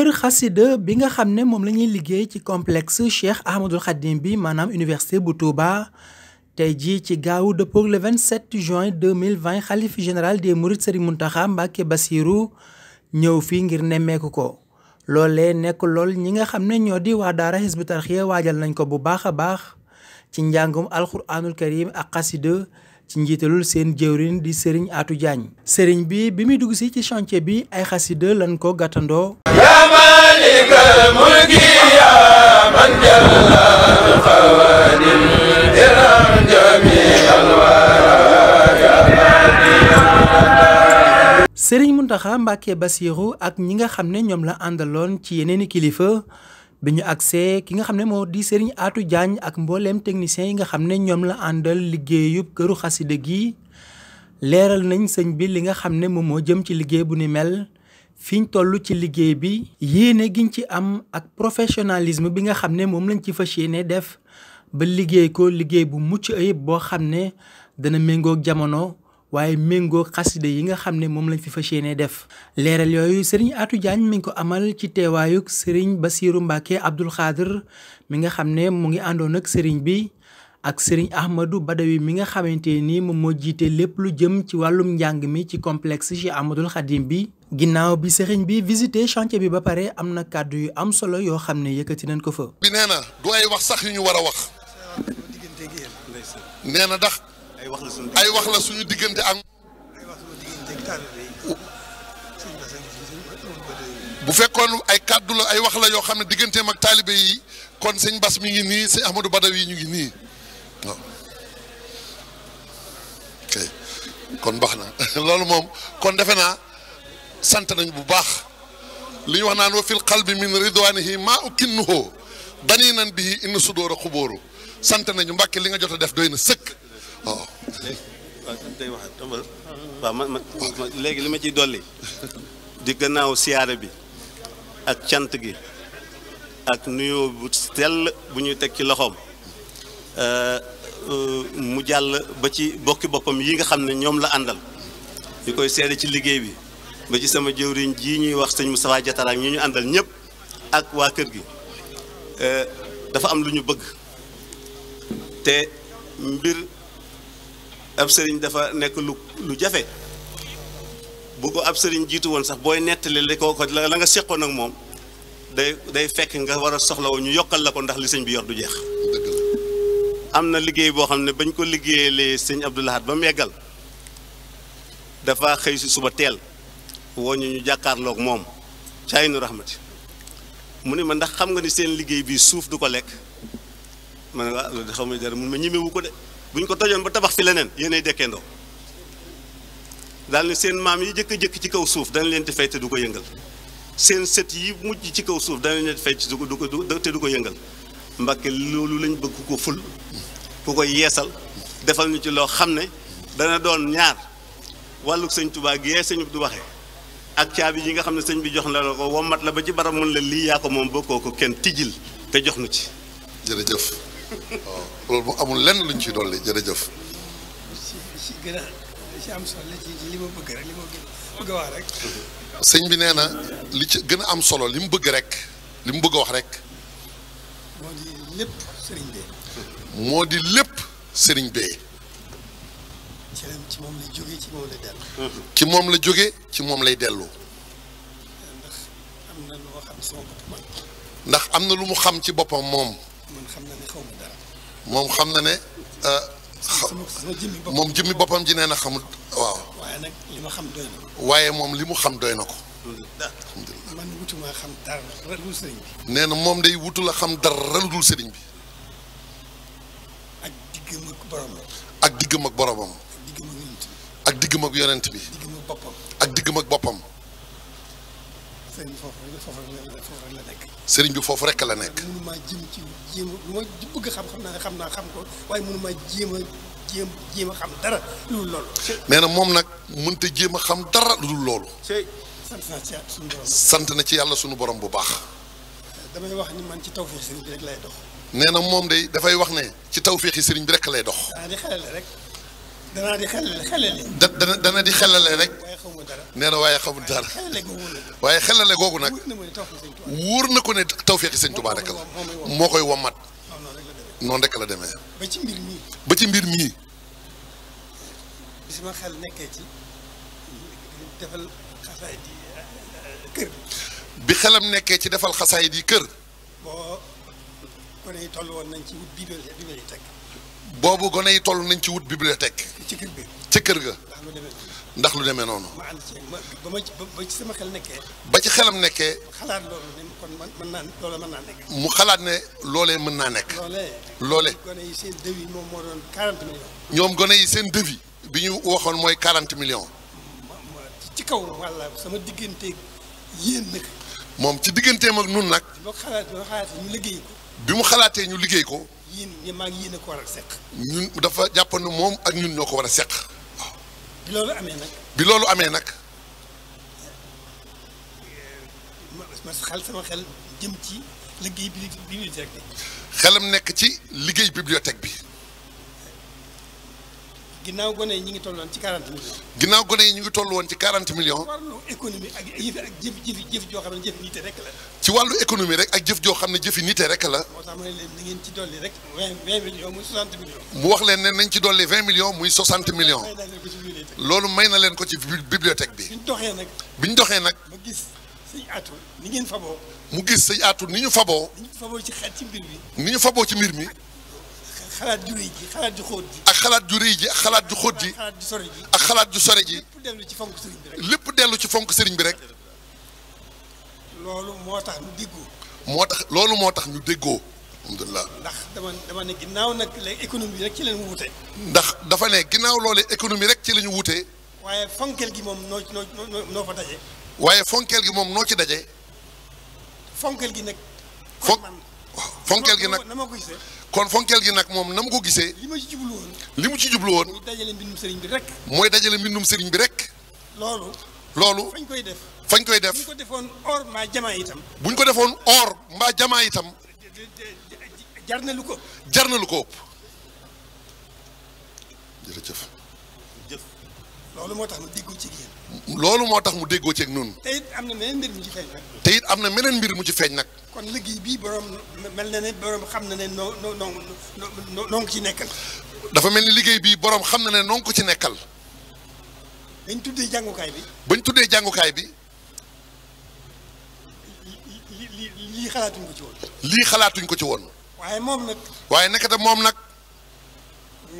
kër xasida bi nga xam ne moom la ñuy liggéey ci complexe Cheikh Ahmadul Khadim bi maanaam université bu Touba tey jii ci gaawu dëppoog le 27 juin 2020 xalif général des Mourides Serigne Mountakha Mbacké Bassirou ñëw fii ngir nemmeeku ko loolee nekk lool ñi nga xam ne ñoo di waa daara Hizbut Tarqiyyah waajal nañ ko bu baax a baax ci njàngum alxuraanul karim ak xasida ci njiitalul seen jëwrin di sëriñ atu Diagne sëriñ bi bi muy dugg si ci chance bi ay xasida lañ ko gàttandoo yaa maalikal mulki yaa man jalal xawadim iram jami alwara sëriñ Mountakha Mbacké Bassirou ak ñi nga xam ne ñoom la àndaloon ci yeneeni kilifa bi ñu agsee ki nga xam ne moo di aatu Atou Diagne ak mbooleem techniciens yi nga xam ne ñoom la àndal liggéeyub këru xasida gi leeral nañ sëñ bi li nga xam ne moom moo jëm ci liggéey bu ni mel fiñ toll ci liggéey bi yéene giñ ci am ak professionnalisme bi nga xam ne moom lañ ci fas ne def ba liggéey ko liggéey bu mucc ayib boo xam ne dana méngoog jamono waaye méngoo xasida yi nga xam ne moom lañ fi fas yéene def leeral yooyu sëriñ atu Diagne mi ngi ko amal ci teewaayuk sëriñ Basiiru Mbàkke Abdul Xaadir mi nga xam ne mu ngi àndoon ak sëriñ bi ak sëriñ Ahmadou Badawi mi nga xamante ni moom moo jiite lépp lu jëm ci wàllum njàng mi ci complex Cheikh Ahmadul Xadim bi ginnaaw bi sëriñ bi visité chantier bi ba pare am na kàddu yu am solo yoo xam ne yëkkati nañ ko fa. bi nee du ay wax sax yu ñu war wax. ay wax la suñu ay wax la suñu diggante ak. bu fekkoon ay kàddu la ay wax la yoo xam ne digganteem ak taalibe yi kon sëñ Bas mi ngi nii sëñ Ahmadou yi ñu ngi nii kon baax na loolu moom kon defe naa sant nañ bu baax li ñu wax naan wa fil qalbi min ridwanihi maa ukinnuhoo danii nan bii inn sudóor a xubóoru sant nañu mbàkke li nga jot a def doy na sëkk Oh. waaw. léegi waaw man li ma ciy dolli. di gannaaw siyaare bi ak cant gi ak nuyoo bu sell bu ñuy teg ci loxoom euh, euh, mu jàll ba ci bokki boppam yi nga xam ne ñoom la àndal ñu koy seede ci liggéey bi ba ci sama jëwriñ ji ñuy wax sëñ Moustapha Diatara ak ñi ñu àndal ñëpp ak waa kër gi euh, dafa am lu ñu bëgg te mbir ab sëriñ dafa nekk lu lu jafe bu ko ab sëriñ jiitu woon sax booy nettali li ko ko la nga seqoon ak moom day day fekk nga war a soxla woon ñu yokkal la ko ndax li sëñ bi yor du jeex am na liggéey boo xam ne bañ ko liggéeyalee sëñ Abdou Lahad ba mu yeggal dafa xëy si suba teel woo ñu ñu jàkkaarloog moom caay nu raxmati mu ne ma ndax xam nga ni seen liggéey bi suuf du ko lekk ma ne ah loolu de dara mu ma ñemewu ko de bu ñu ko tojoon ba tabax fi leneen yéenay dekkeendoo daal ne seen maam yi jëkk jëkk ci kaw suuf dana leen di fay te du yëngal seen sët yi mujj ci kaw suuf dana leen di fay te du ko te du ko yëngal Mbàkke loolu lañ bëgg ko ful ku ko yeesal defal ñu ci loo xam ne dana doon ñaar wàllug sëñ Tuubaa gi yee sëñ du waxee ak caabi yi nga xam ne sëñ bi jox na la ko wommat la ba ci baram mun la lii yaa ko moom bokkoo ko kenn tijjil te jox nu ci jërëjëf loolu bu amul lenn luñ ciy dolli jërëjëf. ci gën bëgg rek sëñ bi nee na li ci gën a am solo li mu bëgg rek li mu bëgg wax rek. moo di lépp sëriñ be moo di lépp sëriñ bee. ci moom la jóge ci moom lay dellu. la jóge ci moom lay dellu. ndax am na lu mu xam ci boppam moom. man xam na ne xaw ma moom xam na ne. Euh, moom jëmmi boppam ji nee na xamul waaw. waaye nag xam doy waaye moom li mu xam doy na ko. alhamdulilah man wutuma na moom day wutu la xam dara dul sëriñ bi. ak diggam ak boromam. ak diggam ak boromam. ak diggam yonent bi. sëriñ bi foofu rek foofu rek la nekk. sëriñ bi foofu rek la nekk. mënu maa jéem ci jéem lu ma bëgg xam xam naa xam naa xam ko waaye mënu maa jéem a jéem a xam dara lu dul loolu. na moom nag mënta jéem a xam dara lu dul loolu. sant na ci yàlla sunu borom bu baax. damay wax ni man ci tawféexi sëriñ bi rek lay dox. nee na moom de dafay wax ne ci tawféexi sëriñ bi rek lay dox. danaa di xelale da dana dana di xelale rek. nee na waaye xamul dara waaye xelale googu nag wóor na ko ne tawféexi sëñ Tuubaa rek la moo koy wommat noonu rek la demee. ba ci ba ci mbir mii. bi xel nekkee eh, eh, xelam nekkee ci defal xasaay di kër. boo toll woon nañ ci wut boobu gone yi toll nañ ci wut bibliothèque. ci kër ga. ci kër ga. ndax lu demee noonu. ma ànd ci ba ci sama xel nekkee. ba ci xelam nekkee. xalaat loolu ne kon mën naa loola mën naa nekk. mu xalaat ne loolee mën naa nekk. loolee. loolee. gone yi seen devis moom ñoom gone yi seen devis bi ñu waxoon mooy 40 millions. ci kaw walla sama digganteeg yéen nag. moom ci digganteem ak nun nag. bi liggéey bi mu xalaatee ñu liggéey ko. yéen maa ngi yéen seq. ñun dafa jàpp ne moom ak ñun ñoo ko war a seq. bi loolu amee nag. bi loolu amee nag. ma xel sama xel jëm ci liggéey bi bi ñuy directé. xelam nekk ci liggéey bi. ginnaaw gone yi ñu ngi tolloon ci 40 millions. ginnaaw gone ñu ngi toll woon ci 40 millions. wàllu économie ak yëf xam ne jëf nite rek la. ci wàllu économie rek ak jëf joo xam ne jëfi nite rek la. leen ni ngeen ci dolli rek mu wax leen ne nañ ci dolli 20 millions muy 60 millions. loolu may na leen ko ci bibliothèque bi. bi ñu doxee nag. bi ñu doxee nag. ma gis sëñ Atou ni ngeen faboo. mu gis sëñ Atou ni ni ñu faboo ci xeet ci mbir mi. ni ñu faboo ci mbir mi. ak xalaat ju rëy ji xalaat ju xóot ji. ak xalaat ju rëy ji ak xalaat ju xóot ji. xalaat ju sore ji ak xalaat ju sore ji. lépp dellu ci fonk sëriñ bi rek. lépp dellu ci fonk sëriñ bi rek. loolu moo tax ñu déggoo. moo tax loolu moo tax ñu déggoo. alhamdulilah ndax dama dama ne ginnaaw nag léegi économie rek ci la ñu wute. ndax dafa ne ginnaaw loolee économie rek ci lañu ñu wute. waaye fonkeel gi moom noo noo noo fa daje. waaye fonkeel gi moom noo ci daje. fonkeel gi nag. fon fonkeel gi nag na kon fonkeel gi nag moom na mu ko gisee. li ma ci jublu woon. li mu ci jublu woon. mooy dajale mbindum sëriñ bi rek. mooy dajale mbindum sëriñ bi rek. loolu. loolu fañ koy def. fañ koy def bu ko defoon or mbaa itam. bu ko defoon or mbaa jamaa itam. jar ko. jar ko ëpp. moo tax ma déggoo ci yéen. loolu moo tax mu déggoo ceeg noonu. te am na meneen mbir ci feeñ nag. te am na meneen mbir mu ci feeñ nag. kon liggéey bii borom mel na ne borom xam na ne noo noo noo noo ci nekkal. dafa mel ni liggéey bii boroom xam na ne noo ko ci nekkal. dañ tuddee jàngukaay bi. bañ tuddee jàngukaay bi. lii xalaatuñ ko ci woon. lii xalaatuñ ko ci woon. waaye moom nag. waaye nekkata moom nag.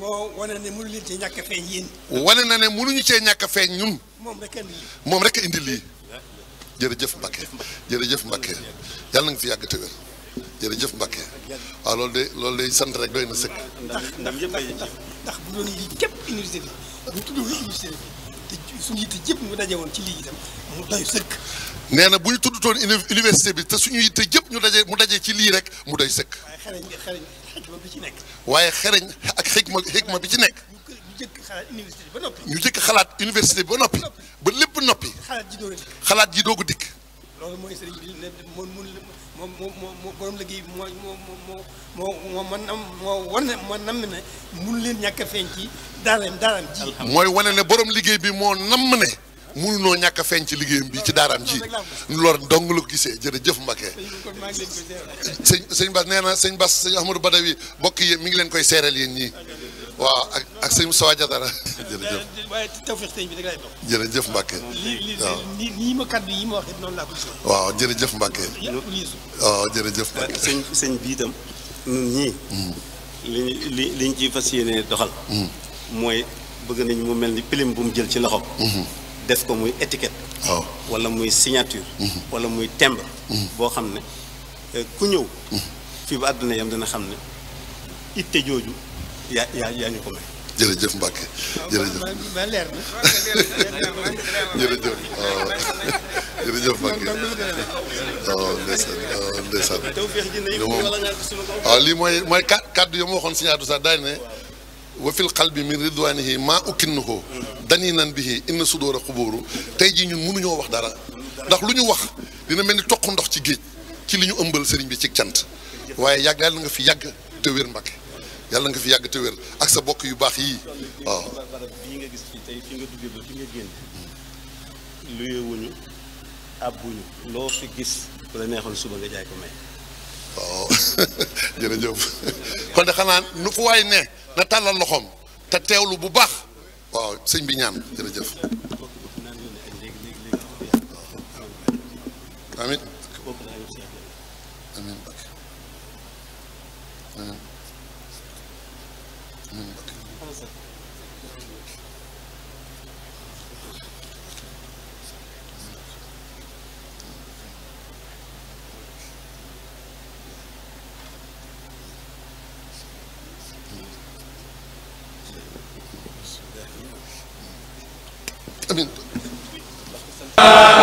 moo wane ne mënuñu cee ñàkk feeñ yéen. wane na ne mënuñu cee ñàkk a feeñ ñun. moom rek indi moom rek indi lii. jërëjëf Mbacke jërëjëf Mbacke yàlla na nga fi yàgg te wér jërëjëf Mbacke waaw de loolu de sant rek doy na sëkk. ndax ndax ndax ndax bu doon lii képp ci lii itam mu doy sëkk. nee na bu bi te suñu yitte jëpp ñu daje mu daje ci lii rek mu doy sëkk. waaye xereñ ci nekk. waaye xereñ xikma ma bi ci nekk. ñu jëkk xalaat université ba noppi. ba lépp noppi. xalaat ji doog dikk. loolu mooy sëriñ moom moom moom borom liggéey bi moo moo moo man am moo wane moo namm ne mënu leen ñàkk a feeñ ci mooy wane ne borom liggéey bi moo namm ne. mënunoo ñàkk feeñ ci liggéeyam bi ci daaraam ji. lor dong la ko gisee jërëjëf Mbacke. sëñ sëñ Bas nee na sëñ Bas sëñ Ahmadou Badawi bokk yi mi ngi leen koy seeral yéen ñii. waaw ak ak sëñ Moussa Diatara. jërëjëf waaye tawfeex sëñ bi rek laay dox. waaw lii nii ma kaddu yi jërëjëf Mbacke. sëñ sëñ bi ñii. Hmm. li li liñ ci fas yéenee doxal. Hmm. mooy bëgg nañu mu mel ni pilim bu mu jël ci loxo. Hmm. def ko muy étiquette. waaw muy signature. wala muy temb boo xam ne eh, ku ñëw. fii ba àdduna yam dina xam ne itte jooju. yaa yaa yaa ñu jërëjëf Mbacke ah, jërëjëf jërëjëf waaw ah, jërëjëf Mbacke waaw ah, ndeysaan waaw lii mooy mooy kàddu yo ma waxoon Sëñ Abdou sax daal ne wa fil qalbi min ridwanihi maa ukinnuhu danii nan bihi inna sudóora xubóoru tey jii ñun mënuñoo wax dara ndax lu ñu wax dina mel ni toq ndox ci géej ci li ñu ëmbal sëriñ bi ci cant waaye yàggaal na nga fi yàgg te wér Mbacke yàlla nga fi yàgg te wér ak sa bokk yu baax yii waaw nga gis fi tey nga duggee ba fi nga génn luyewuñu àbbuñu loo fi gis bu neexoon suba nga jaay ko may waaw jërëjëf kon de xanaa nu fu waay ne na tàllal loxoom te teewlu bu baax waaw sëñ bi ñaan jërëjëf amit amiin